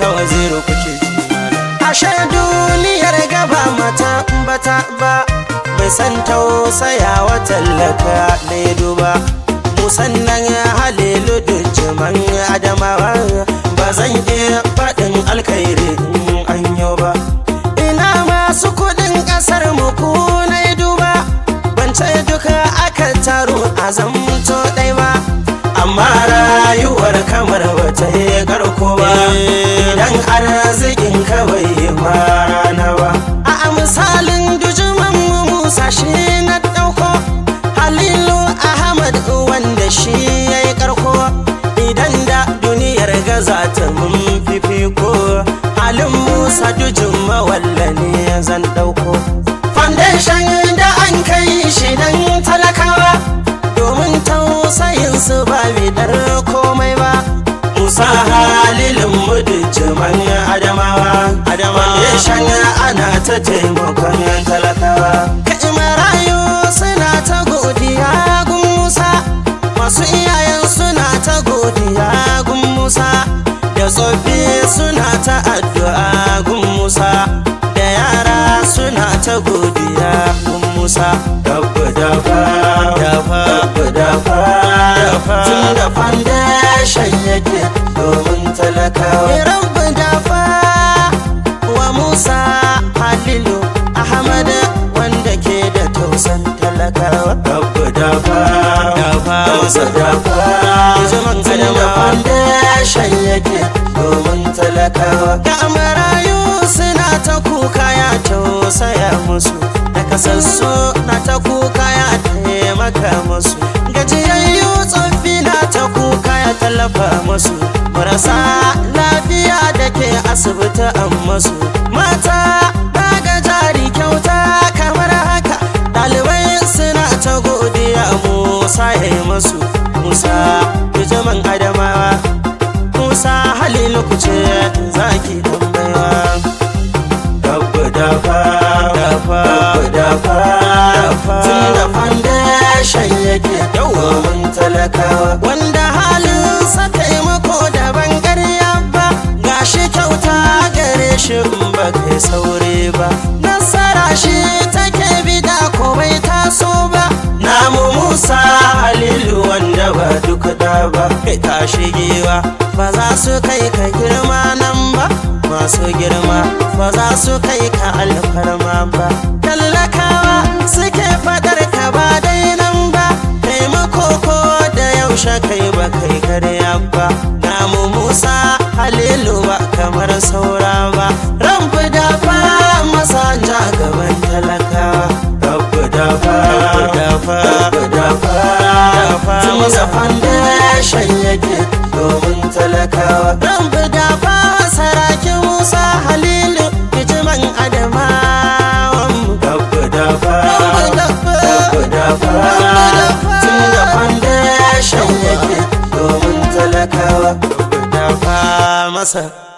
ta waziro kuke ashe duniyar gaba mata bata ba bai san wa tallaka laidu ba musannan halilu dujjiman adamawa ba zan yi faɗin alkhairi an yau ba ina masu kuɗin ƙasar mu ku na duba ban ce duka aka taro a zamto ɗai ba amma rayuwar kamar bata yi garko ba kan arzikin kawai ma rana ba a misalin dujuman musa shi na ɗauko halilu ahmad wanda shi ya yi karko idan da duniyar gaza ta mun halilin mudici adamawa adamawa ya shanya ana ta taimakon yan talakawa kaji marayu suna ta godiya gun musa masu iyayen suna ta godiya gun musa da tsoffi suna ta addu'a gun musa da yara suna ta godiya gun musa dabba dabba tun da foundation yake domin talakawa rabu dafa wa musa halilu ahmad wanda ke da tausan talakawa rabu dafa tausa dafa tun da foundation yake domin talakawa da marayu suna ta kuka ya tausaya musu da kasassu na ta kuka ya taimaka musu ba masu marasa lafiya da ke asibiti an masu mata daga jari kyauta kamar haka ɗalibai suna ta godiya musa ya yi masu musa bijiman adamawa musa halilu kuce zaki tambaiwa dabba dafa dafa dafa dafa tun da fandashen yake yawon talakawa shin ba kai saure ba nasara shi take bida ko bai taso ba namu musa halilu wanda ba duk da ba kai ta shigewa ba za su kai ka girma nan ba masu girma ba za su kai ka alfarma ba tallakawa suke fadar ka ba dai nan ba taimako ko da yaushe kai ba kai karya ba namu musa halilu ba kamar saura ba rabbu dafa masa gaban talakawa rabbu dafa dafa dafa domin talakawa dafa musa halilu bijiman adamawan rabbu dafa dafa yake domin talakawa dafa masa